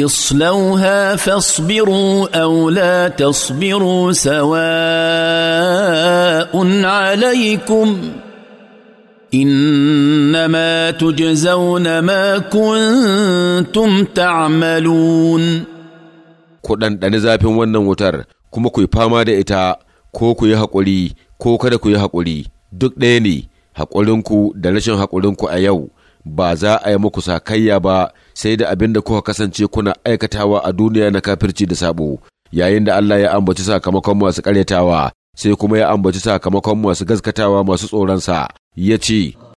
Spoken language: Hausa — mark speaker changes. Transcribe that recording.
Speaker 1: اصلوها فاصبروا او لا تصبروا سواء عليكم انما تجزون ما كنتم
Speaker 2: تعملون ku ɗanɗani zafin wannan wutar kuma ku yi fama da ita ko ku yi haƙuri ko kada ku yi haƙuri duk ɗaya ne haƙurinku da rashin haƙurinku a yau ba za a yi muku sakayya ba sai da abin da kuka kasance kuna aikatawa a duniya na kafirci da sabo yayin da Allah ya ambaci sakamakon masu karyatawa sai kuma ya ambaci sakamakon masu gaskatawa masu tsoronsa ya ce